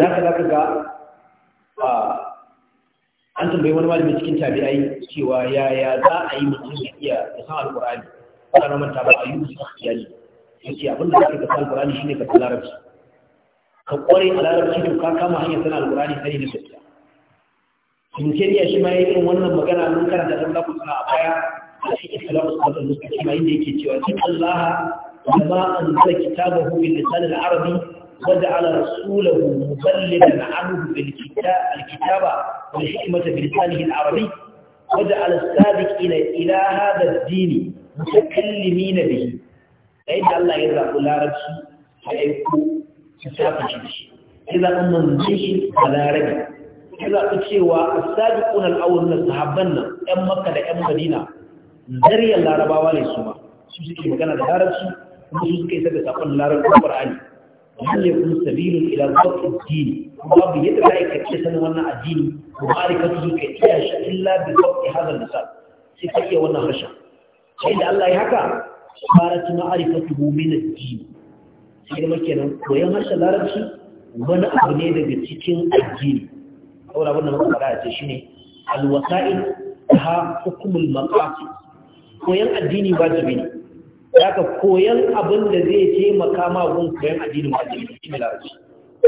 A: za ka za ka ga an tambayi wani malami cikin tabi'ai cewa yaya za a yi mutum ya iya ya san alƙur'ani ba na manta ba a yi musu akiyali yake abin da ake kasa alƙur'ani shine ka san larabci ka ƙware a larabci to ka kama hanyar san alƙur'ani sai da gaskiya Sinceriya shi ma ya irin wannan magana mun karanta da Allah kuma a baya a cikin salamu sallallahu alaihi wasallam ma inda yake cewa in Allah lama anzala kitabahu bil lisan al arabi wa ja'ala rasulahu muballighan da bil kitab al kitaba wal hikmata bil lisanihi al arabi wa ja'ala as-sabiqina ila hadha ad-din mutakallimina bihi ai da Allah ya zaɓi larabci ya aiko su tafi shi da shi ya zaɓi manzon shi a larabi ya zaɓi cewa a sabi awon na sahabban nan ‘yan makka da ‘yan madina zariyar larabawa ne su ma su suke magana da larabci kuma su suke isa da saƙon larabci ƙwar'ani wani ya kuma sabilin ila zaɓi addini babu yadda za a yi kace sanin wannan addini ko ma'arika su suke iya shi illa da zaɓi hazar misal sai ka iya wannan harshen sai da Allah ya haka farat ma'arifatu min addini sai da makenan koyon harshen larabci wani abu ne daga cikin addini saboda abin da muka faɗa a ce shine alwasa'il ha hukumul maqasid koyan addini ba wajibi ne haka koyan abin da zai taimaka ma gun koyan addinin wajibi ne shine larabci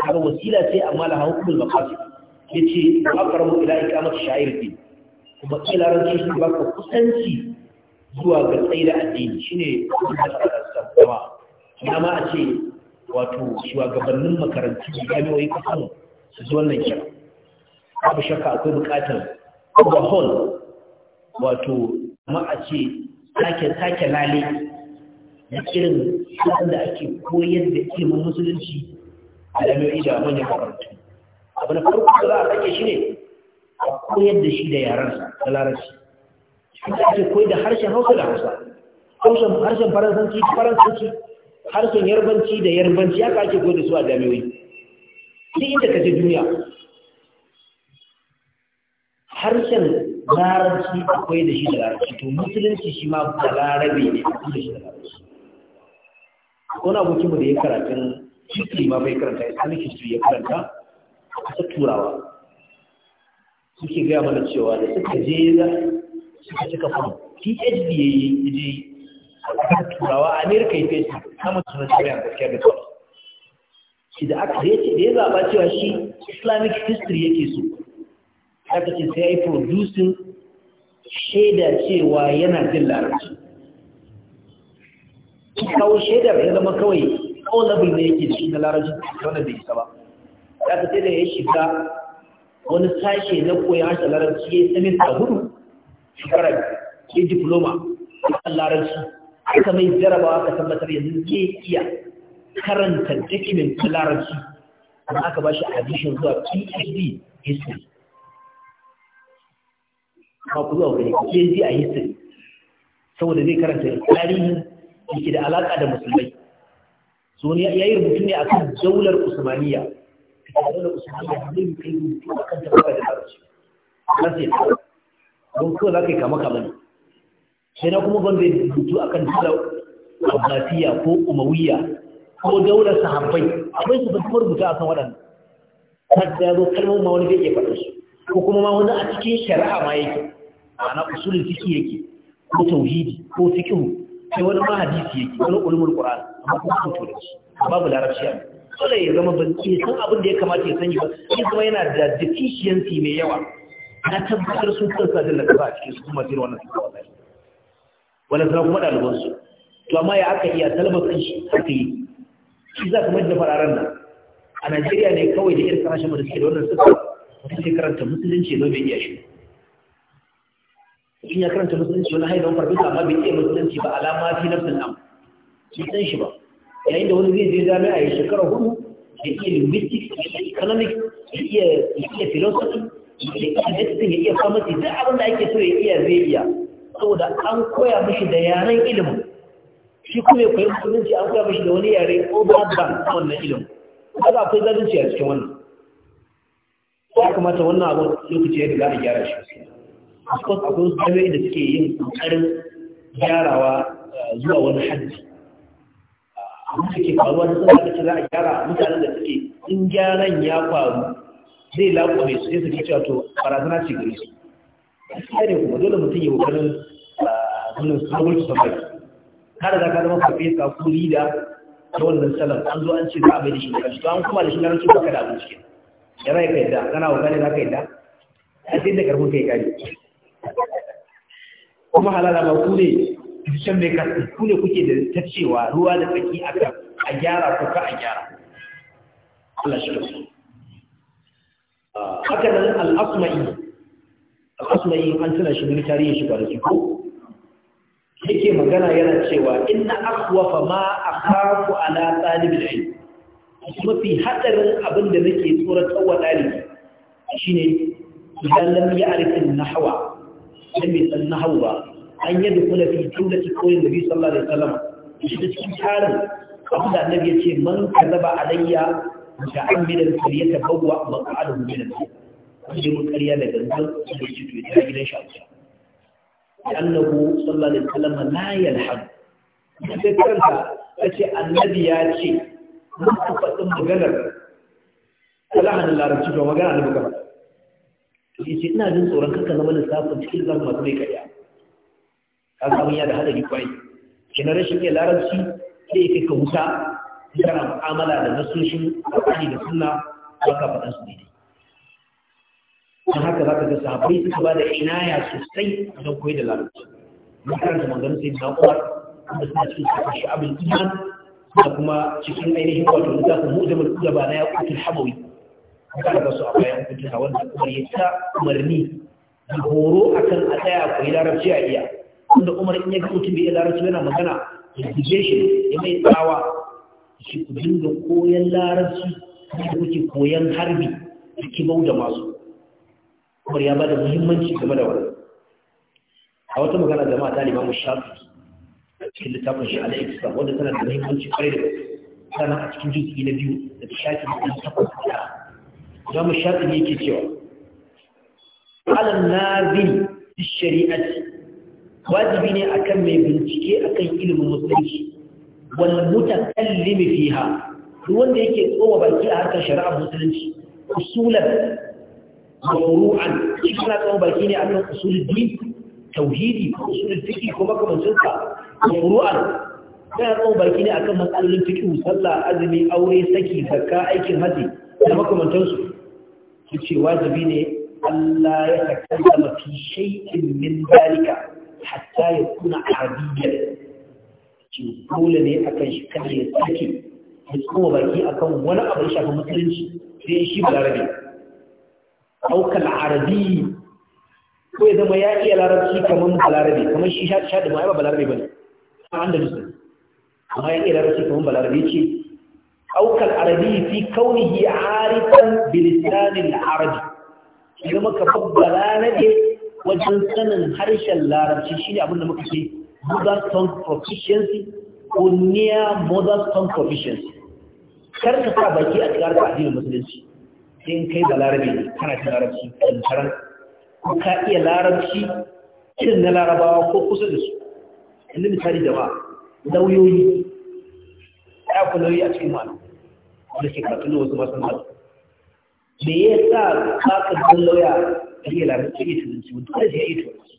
A: haka wasila ce amma la hukumul Ya maqasid yace mu ila iqamati sha'irin kuma kai larabci shi ba ka kusanci zuwa ga tsayi da addini shine kuma na ma a ce wato shugabannin makarantu jami'o'i kusan su ji wannan kira abu shakka akwai bukatar overhaul wato kuma a ce sake-sake lale da irin sunan da ake koyar da ilimin musulunci a jami'o'i da manyan makarantu abu na farko da za a sake shi ne a koyar da shi da yaran da larabci shi ake koyar da harshen hausa da hausa harshen faransanci faransanci harshen yarbanci da yarbanci haka ake koyar da su a jami'o'i duk inda ka je duniya harshen larabci akwai da shi da larabci to musulunci shi ma ba larabe ne a da shi da larabci abokin abokinmu da ya karatun history ma bai karanta islamic history ya karanta a turawa suke gaya mana cewa da suka je za suka cika fam phd ya yi je a turawa a amerika ya fesa kama sunan shari'a gaskiya da kawai shi da aka da ya zaba cewa shi islamic history yake so haka ce sai ya yi producing shaida cewa yana jin larabci kawo shaidar ya zama kawai kaunabin ne yake shi na larabci wanda bai isa ba aka da ya shiga wani sashe na koyan harshen larabci ya yi samin a hudu shekara ya diploma a larabci aka mai jarabawa ka tabbatar yanzu ke iya karanta document na larabci amma aka ba shi addition zuwa phd history ba ku zuwa gari ku ji a history saboda zai karanta tarihi ke da alaƙa da musulmai so ne ya yi rubutu ne akan daular usmaniya daular usmaniya zai kai rubutu akan tabbata da larabci na sai don kuma za ka yi kama kama ne sai na kuma ban zai rubutu akan daular abbasiya ko umawiya ko daular sahabbai akwai su ban kuma rubuta akan waɗanda har da ya zo kalmomin ma wani zai iya faɗa su ko kuma ma wani a cikin shari'a ma yake ma'ana usulin fiki yake ko tauhidi ko fikihu sai wani ma hadisi yake wani ulumul qur'an amma kuma ko to dace babu larabci ne. dole ya zama ban ce san abin da ya kamata ya sani ba shi kuma yana da deficiency mai yawa na tabbatar sun san sadin da ba a cikin su kuma jira wannan su wallahi wala sai kuma daliban su to amma ya aka iya talbatin shi aka yi shi za ka mai da fararen nan a Najeriya ne kawai da irin karashin da suke da wannan suka wata shekarar ta musulunci zo bai iya shi shi ya karanta musulunci wani haifar farfisa amma bai iya musulunci ba alama fi nafsin am shi san shi ba yayin da wani zai je jami'a ya shekara hudu ya iya linguistics ya iya economics ya iya iya philosophy ya iya medicine ya iya pharmacy da abin da ake so ya iya zai iya saboda an koya mashi da yaren ilimin shi kuma ya koyi musulunci an koya mashi da wani yare overban wannan ilimin kaga akwai zalunci a cikin wannan ya kamata wannan abin lokaci ya riga a gyara shi akwai akwai wasu da suke yin ƙarin gyarawa eh, zuwa wani haddi a ah, da ke faruwa da suna kace za a gyara mutanen da suke in gyaran ya faru zai laƙwame mai suke suke cewa to barazana ce gare su gaskiya ne kuma dole mutum ya kokarin zunin ah, sabon su sabai kada za ka zama farfesa ko da ta wannan salon an zo an ce za a mai da shi kashi to an kuma da shi na rikin baka da abinci ya rai ka yadda kana wa kare za ka yadda a sai da karfin kai kari kuma halalama ba ku ne tushen mai kasu ku ne kuke da ta cewa ruwa da tsaki aka a gyara ko ka a gyara Allah shi kasu ah, haka nan al'asma'i al'asma'i an tana shi wani tarihin shi ba da ko yake magana yana cewa inna aswafa ma akhafu ala talibil Kuma fi hadarin abin da nake tsoratar wa dalibi shine idan lam ya'rif an-nahwa dan mai san nahawu ba an yadda kula fi jumlati koyin nabi sallallahu alaihi wasallam shi da cikin tarin abin da annabi ya ce man kazaba alayya da an bi da kariya ta bawwa ba ka adam bi da shi wanda mun kariya da gangan da shi to ta gidan shi a wuta annahu sallallahu alaihi wasallam la yalhad sai kanta ce annabi ya ce mun faɗin maganar alahan larabci ba magana da baka ya ina jin tsoron kanka zama lissafin cikin zan masu mai karya ka samu ya da hadari kwai kina rashin iya larabci sai kai ka wuta kana mu'amala da nasoshin alƙani da sunna ba ka faɗan su dai. don haka za ka ga sahabbai suka ba da inaya sosai don koyi da larabci mun karanta maganin sai na kuma da suna cikin sakon abin iman da kuma cikin ainihin wato littafin mu'jamul ba na yaqutul habawi aka ga su a bayan kutuna wanda umar ya ta umarni da horo a kan a tsaya ku yi larabci a iya wanda umar in ya ga mutum bai larabci yana magana ya ya mai tsawa shi ku dinga koyan larabci da kuke koyan harbi da kibau da masu umar ya ba da muhimmanci game da wani. a wata magana jama'a ta limamu shafi a cikin littafin shi ala ikisa wanda tana da muhimmanci kwarai da gaske sannan a cikin jinsi na biyu da shafi da takwas da za mu shafi ne yake cewa alam na bin shari'ati wajibi ne akan mai bincike akan ilimin musulunci wani wal mutakallimi fiha duk wanda yake tsoma baki a harkar shari'ar musulunci usulan wa furu'an shi kana tsoma baki ne akan usulul din tauhidi ko usulul ko makamancin sa wa furu'an kana baki ne akan matsalolin fiqh sallah azumi aure saki zakka aikin haji da makamantansu yace wajibi ne Allah ya takallama fi shay'in min dalika hatta yakuna arabiyyan ce dole ne akan shi kada ya sake ya tsoma baki akan wani abu shafi musulunci sai shi balarabe aukal arabi ko ya zama ya iya larabci kamar balarabe kamar shi shaɗi ma ya ba balarabe ba ne a andalus amma ya iya larabci kamar balarabe ce أو كالعربي في كونه عارفا بلسان العربي إذا كفبلا نجي wajen sanin harshen larabci shi abin da muka ce mother tongue proficiency ko near mother proficiency kar ka sa baki a cikin harkar addinin musulunci sai in kai da larabi ne kana cin larabci kankaran ko iya larabci irin na larabawa ko kusa da su yanzu misali jama'a lauyoyi ya ku a cikin malam da ke karatun wasu masu masu me ya sa ba ka zan lauya da ke lafi su yi tunanci duk da ya yi tunanci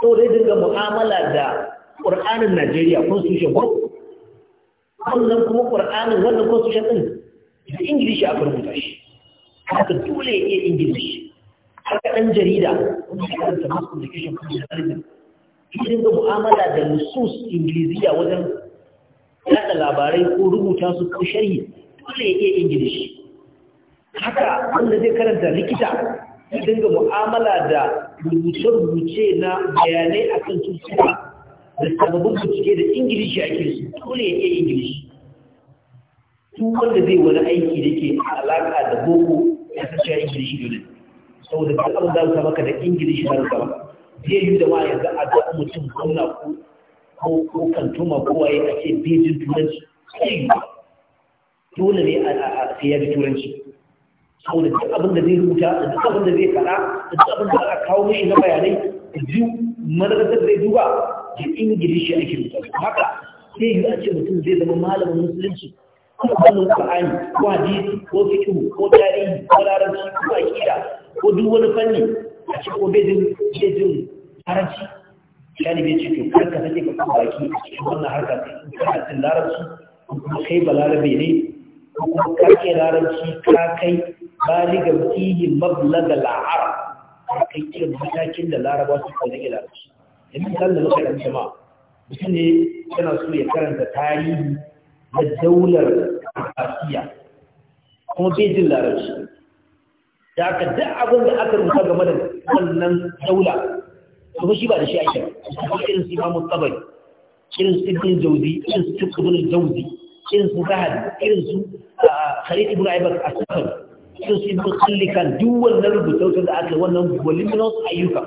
A: to dai dinga mu'amala da ƙur'anin najeriya kun constitution ba wannan kuma ƙur'anin wannan kun constitution ɗin da ingilishi aka rubuta shi haka dole ya iya ingilishi haka ɗan jarida wanda ya karanta mass communication kuma da ɗalibin ya dinga mu'amala da nusus ingiliziya wajen yaɗa labarai ko rubuta su ko sharhi dole ya iya ingilishi haka wanda zai karanta likita ya dinga mu'amala da rubuce-rubuce na bayanai a kan cututtuka da sababbin bincike da ingilishi ake su dole ya iya ingilishi Tun wanda zai wani aiki da ke alaƙa da boko ya san cewa ingilishi dole da duk abin za maka da ingilishi za su zai yi da ma yanzu a ga mutum gwamna ko kantoma kowa ya ce bejin turanci sai yi ba dole ne a sai ya ji turanci saboda duk abin da zai rubuta da duk abin da zai faɗa da duk abin da aka kawo mishi na bayanai da ji madagasar zai duba da ingilishi ake rubuta haka sai yi a ce mutum zai zama malamin musulunci ko wannan qur'ani ko hadisi ko fiqh ko tarihi ko larabci ko aqida ko duk wani fanni a ce ko bai jin bai jin larabci shani bai ce to kar ka sake ka baki a cikin wannan harka ta, larabci kuma kai balarabe ne kuma kake larabci ka kai baligar fihi mablaga la'ar ka kai irin matakin da laraba su kai rage larabci da da mutum ne yana so ya karanta tarihi na daular asiya kuma bai larabci da aka duk abin da aka rubuta game da wannan daula kuma shi ba da shi ake ba irin su imamu tabari irin su ibn jauzi irin su ibn jauzi irinsu su zahar irinsu su khalid ibn aibak asfar irin su ibn khallikan duk wannan rubutautar da aka wannan voluminous ayyuka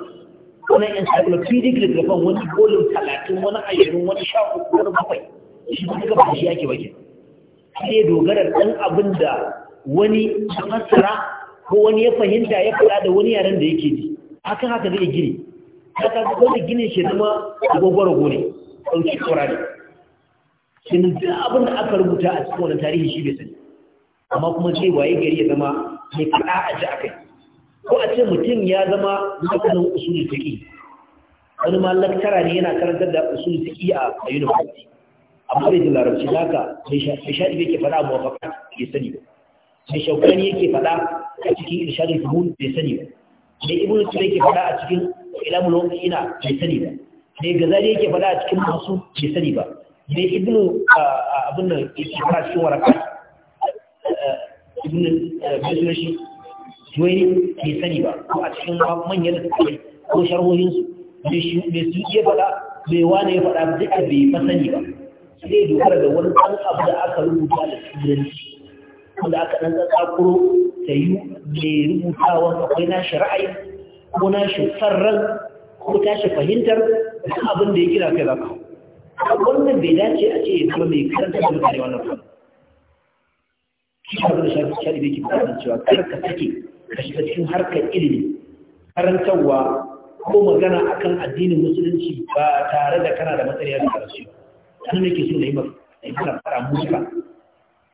A: wani encyclopedic littafan wani bolin talatin wani ayyarin wani sha wani bakwai shi ba duka ba shi yake baki sai dogara ɗan abin da wani tafasara fassara ko wani ya fahimta ya faɗa da wani yaren da yake ji haka haka zai gini haka wanda gini shi zama agogoro ne ɗauki tsora shin duk abin da aka rubuta a cikin wannan tarihi shi bai sani amma kuma sai waye gari ya zama mai kada a ji akai ko a ce mutum ya zama makanin usulun fiqi wani ma laktara ne yana karantar da usulun fiqi a university amma bai jin larabci haka sai shaɗi yake faɗa a muwafaka bai sani ba sai shaukan yake fada a cikin irshadin fuhun bai sani ba sai ibn tura yake fada a cikin ilamul ina bai sani ba sai gazali yake fada a cikin masu bai sani ba da ibnu abin da yake fara cikin waraka ibnu bisnashi juwaini bai sani ba ko a cikin manyan da suka ko sharhohinsu bai su iya faɗa bai wane ya faɗa duka bai fasani ba sai dogara da wani ɗan abu da aka rubuta da turanci wanda aka ɗan tsakuro ta yi mai rubutawa akwai nashi ra'ayi ko nashi farran ko tashi fahimtar abin da ya kira kai zaka wannan bai dace a ce ya zama mai karanta da mutane wannan fara shi abin da shafi bai ke bukatar cewa kar take sake ka shiga cikin harkar ilimi karantarwa ko magana akan addinin musulunci ba tare da kana da matsariya da karatu an ne ke so na yi maka yi kana fara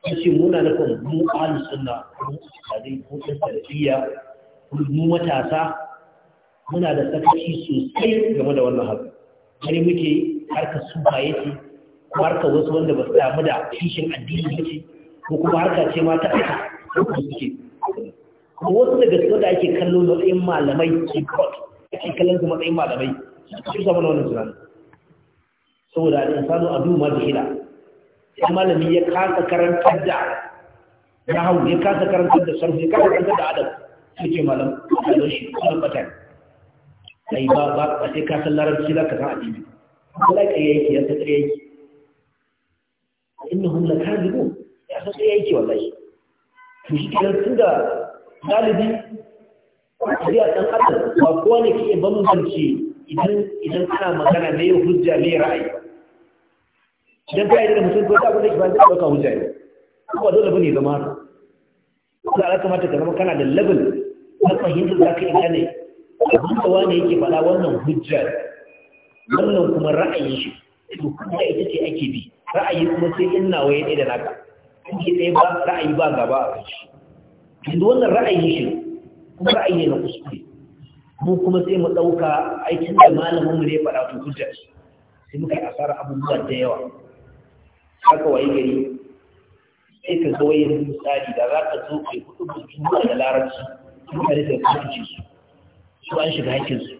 A: ce shi muna da kan mu ahlus sunna mu tsari ko tarbiyya mu matasa muna da sakaci sosai game da wannan haka kare muke harkar sufaye ce ko harkar wasu wanda ba su damu da kishin addini ya ce ko kuma harkar ce ma ta aika ko suke kuma wasu daga su da ake kallo matsayin malamai ke kawai ake kallon su matsayin malamai su sama na wannan tunanin saboda al'insanu a duma da hila sai malami ya kasa karantar da hau ya kasa karantar da sarfi ya kasa karantar da adam sai ce malam a shi kuma mutane sai ba ba sai ka san larabci za ka san addini Allah ƙarya yake ya san ƙarya yake innahum lakazibun ya san yake wallahi to shi kenan tunda galibi ya dan adam ba kowa ne ke bambance idan idan kana magana me hujja me ra'ayi idan ka yi da mutum ko ta abin ba ke ba ka hujja ne kuma dole bane zama haka kuma ya kamata ka zama kana da level na fahimtar za ka iya gane abin da ne yake fara wannan hujja ne wannan kuma ra'ayin shi to kuma ita ce ake bi ra'ayi kuma sai in nawa ya da naka in ke ɗaya ba ra'ayi ba gaba a kan shi yanzu wannan ra'ayin shi kuma ra'ayi na kuskure mu kuma sai mu ɗauka aikin da malamin mu ne faɗa to hujja sai muka yi asara abubuwa da yawa haka waye gari sai ka zo yin misali da za ka zo kai kuɗi mutum da larabci ka da kuma su su an shiga hakkinsu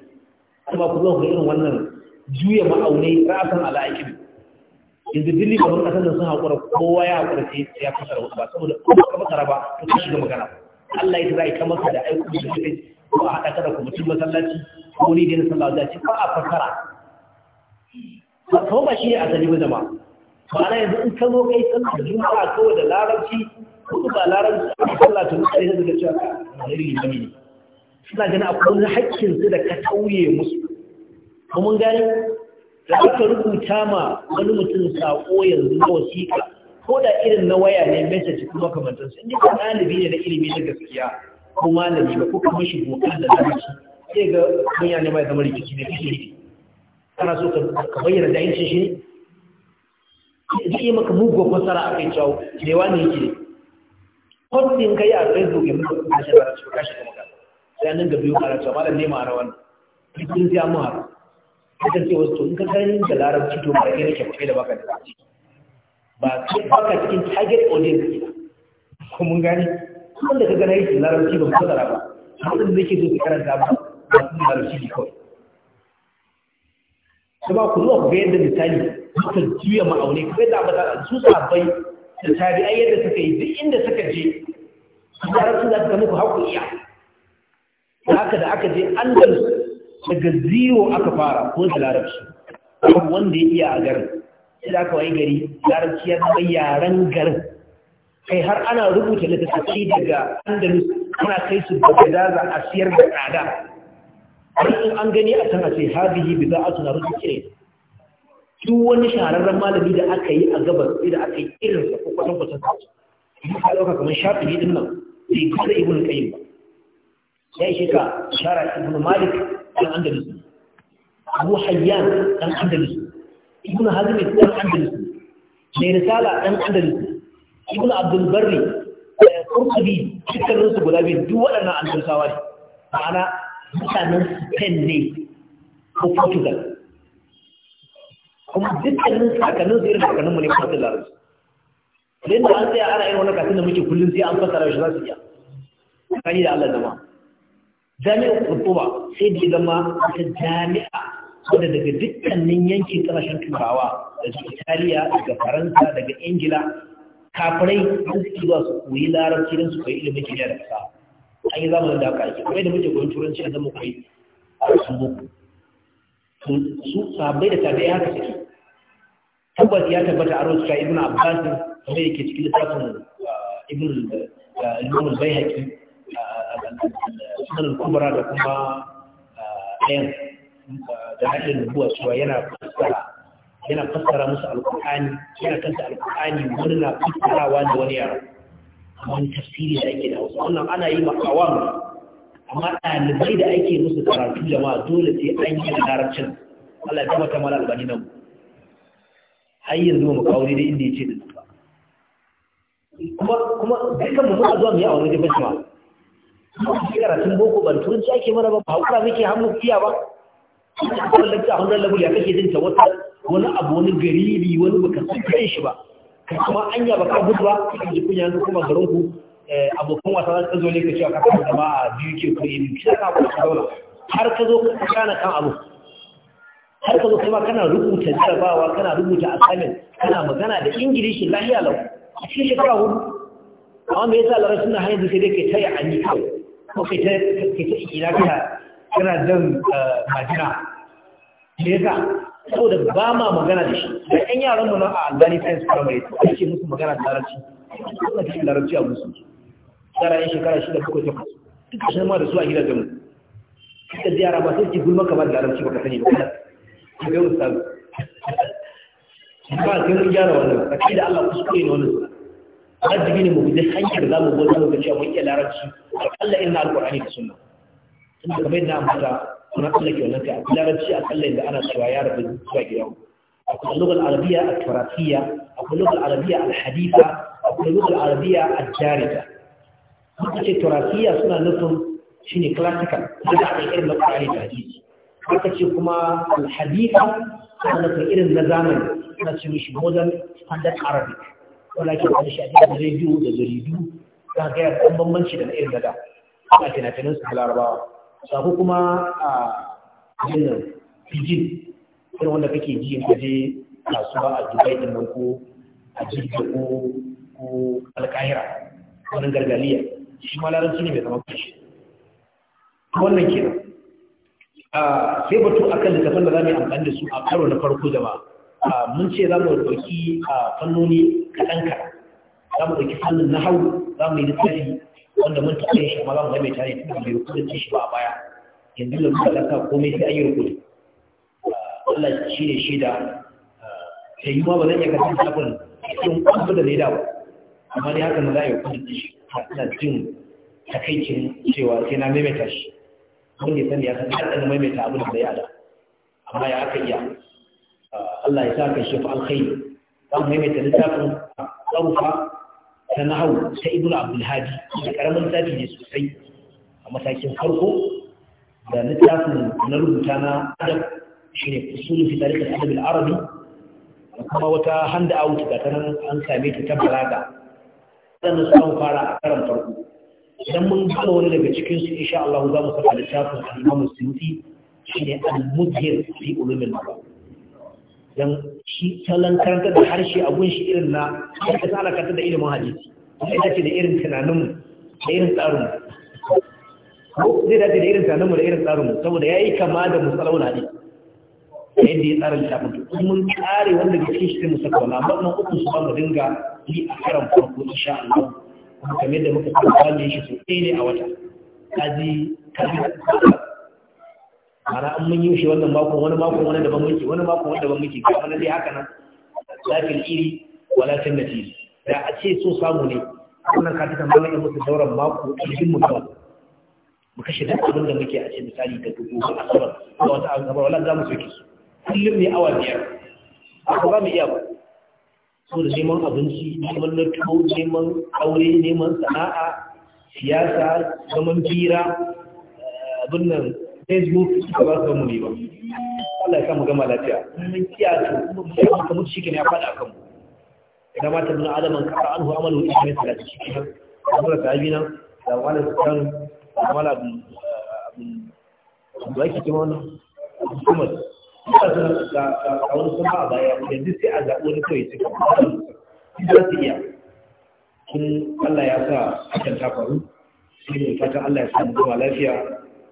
A: kuma ku zo ku irin wannan juya ma'aunai ra'asan ala'aikin yanzu dilli ba mun kasan da sun haƙura kowa ya haƙura ce ya fi sarauta ba saboda kuma ka masara ba ka ta shiga magana Allah ya ta zai kama masa da aiki da shi ko a haɗa kada ku mutum masallaci ko ni dai na sallah da ci ba a fasara. kuma ba shi ne a sani ba jama'a na yanzu in ka zo kai sallah juma'a ko da larabci kudu ba larabci a sallah to mutane da zaga cewa ka ne suna ganin akwai wani haƙƙinsu da ka tauye musu kuma mun gani da aka rubuta ma wani mutum saƙo yanzu na wasiƙa ko da irin na waya ne message kuma kamantar su inda ka ɗalibi ne na ilimi na gaskiya ko malami ba ko kuma shi boka da zamaci sai ga manya ne mai zama rikici ne kishi ne kana so ka bayyana da yancin shi ne zai yi maka mugu fasara a kai ne wani yawa ne yake posting kai a facebook ya mutu kuma shi ba shi kuma kashi kuma ka sai nan ga biyu karatu amma da nema a rawan rikin siya mu haka ta ce wasu to in ka ganin da larabci to ba kai nake kai da baka da larabci ba kai baka cikin target audience ne ko mun gane wanda ka gana yake larabci ba ko da ba abin da yake so ka karanta ba ba sun larabci ne kawai Su ba ku zuwa ku ga yadda misali suka juya ma'aune kuma yadda a su sabai da ai yadda suka yi duk inda suka je larabci za su ga muku haƙuriya haka da aka je andalus daga zero aka fara ko da larabci babu wanda ya iya a garin sai da aka wayi gari larabci ya zama yaren garin kai har ana rubuta littattafai daga andalus ana kai su daga daza a siyar da tsada har in an gani a can a ce hadihi bi za a suna rusu kire duk wani shahararren malami da aka yi a gabas sai da aka yi irin sa ko kwatan kwatan sa ka ɗauka kamar shafi din nan bai kada ibn qayyim ba ya ishe ka shara ibn malik كان عند الاسم ابو حيان كان عند الاسم ابن هزم كان عند الاسم ميرسالة كان عند الاسم ابن عبد البري آه، قرطبي شكر الرئيس القلابي دو ولا انا عند الساواري معنا مثلا سبين لي وفورتوغال هم جدا من ساكن من زير ساكن من يفتح الأرض لأن هذا أنا إنه أنا كاتب نمشي كل زي ألف ترى وش ناسية كان يدعي الله نما jami'ar kurtuba sai da zama ta jami'a wadda daga dukkanin yankin ƙasashen turawa daga italiya daga faransa daga ingila kafirai sun suke zuwa su koyi larabci don su koyi ilimin kimiyya da fasaha an yi zamanin da aka yi kamar da muke koyon turanci a zama koyi a wasu boko su sabai da tabi'a haka suke tabbas ya tabbata a rosu ibn abbas kamar yake cikin littafin ah, ibn ah, al bayhaqi sunan kubra da kuma ɗayan eh, da haɗin rubuwa cewa yana fassara yana fassara musu alƙur'ani yana kanta alƙur'ani wani na fassarawa da wani yaro wani tafsiri da ake da wasu. wannan ana yi ma awam amma ɗalibai da ake musu karatu jama'a dole sai an yi da larabcin Allah ya tabbata mana albani nan har yanzu mu kawo da inda ya ce da kuma kuma dukkan mu zuwa zuwa mu yi a wani jibin jama'a shi karatun boko ban turanci ake mana ba haƙura ke hannu fiya ba kawai lakta a hundar labul ya kake jin ta wata wani abu wani garibi wani baka san kan shi ba kuma anya ba ka gudu ba ka ji kunya yanzu kuma garin ku eh, abokan wasa za su zo ne ka cewa ka kama zama a biyu ke kuma yi kisa ka abu ka zauna har ka zo ka kana kan abu har ka zo kai ma kana rubuta jarabawa kana rubuta assignment kana magana da ingilishi lahiya lau a cikin shekara hudu amma me yasa larabci na hanyar sai dai ke taya an yi kawai ko kai ta ina kana kana eh, majina me yasa saboda ba ma magana da shi da yaran mu na a albani primary ake musu magana da larabci suna cikin larabci a musu tsara yin shekara duk shi ma da su a mu yara ba sai ki gulma kamar da larabci baka sani ba ki ga ustaz ba sai mun gyara wannan da Allah kuskure ne wannan wajibi ne mu bi hanyar za mu gwada mu cewa mun iya larabci akalla irin alqur'ani da sunna tun da kamar yadda ambata kuma Allah ke wannan kai larabci akalla inda ana cewa ya rabu zuwa gida akwai lugal arabiya at-turafiyya akwai lugal arabiya al-haditha akwai lugal arabiya a jarida muka ce turafiyya suna nufin shine classical da aka irin na qur'ani da hadisi haka ce kuma al-haditha suna nufin irin na zamani suna ce mishi modern standard arabic wanda ake wani shi a cikin rediyo da jaridu za ka gaya ɗan bambanci da na irin daga a fina-finan su larabawa sako kuma a yanzu Fijin, irin wanda kake ji in kaje kasuwa a dubai din nan ko a jirgin ko ko alkahira wani gargaliya shi ma larabci ne mai zama kashi wannan kenan sai batu akan littafin da za mu yi amfani da su a karo na farko jama'a mun ce za mu ɗauki fannoni kaɗan kaɗan za mu ɗauki fannin na hau za mu yi littafi wanda mun taɓa shi amma za mu zame tare tun da bai ci shi ba a baya yanzu da muka lasa komai sai an yi Allah shi ne shaida da yi ma ba zan iya kasar sabon cikin kwamfu da leda ba amma ne haka na za a yi rukudin shi na jin takaicin cewa sai na maimaita shi wanda ya sani ya san har ɗan maimaita abin da ya da amma ya aka iya Allah ya saka shi fa alkhairi za mu maimaita littafin tsarufa ta nahau ta ibnu abdul hadi da karamin zafi ne sosai a matakin farko da littafin na rubuta na adab shine usulun fi tarihi al-adab al-arabi kuma wata hand out ga tanan an same ta ta balaga sannan su an fara a karan farko idan mun gano wani daga cikin su insha Allah za mu saka littafin al-Imam Suyuti shine al-Mudhir fi ulum al-Maqam dan shi salon karanta da harshe a gunshi shi irin na ka tsara karantar da ilimin hadisi zai dace da irin tunaninmu da irin tsarinmu zai dace da irin tunaninmu da irin tsarinmu saboda ya yi kama da musalawar hadisi da yadda ya tsara littafin to in mun tsare wanda gaske shi sai mu saka wala amma nan uku su ba mu dinga yi a karan farko insha Allah kuma kamar yadda muka tsara shi so ɗaya ne a wata kaji kaji mana an mun yi shi wannan makon wani makon wani daban muke wani makon wani daban muke kamar dai haka nan lafil iri wala tannati da a ce so samu ne wannan ka tuka mallan ya musu sauran mako cikin mu kawai mu kashe duk abin da muke a ce misali da dubu a asabar da wata asabar wala za mu soke su kullum ne awa biyar ba ba mu iya ba so da neman abinci neman lattau neman aure neman sana'a siyasa zaman fira eh, abin nan facebook da ba su mu ne ba Allah ya samu gama lafiya mun kiya to mun kiya su mun ne ya fada a mu da mata bin adam an kafa anhu amalu ila mai salati shi ne Allah ta yi nan da wala kan wala bi da yake kuma wannan kuma da da a wani sun ba baya yanzu sai a zaɓi wani kawai cikin za su iya kun Allah ya sa hakan ta faru sai ne fatan Allah ya samu gama lafiya